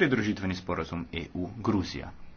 pridružitveni sporazum EU-Gruzija.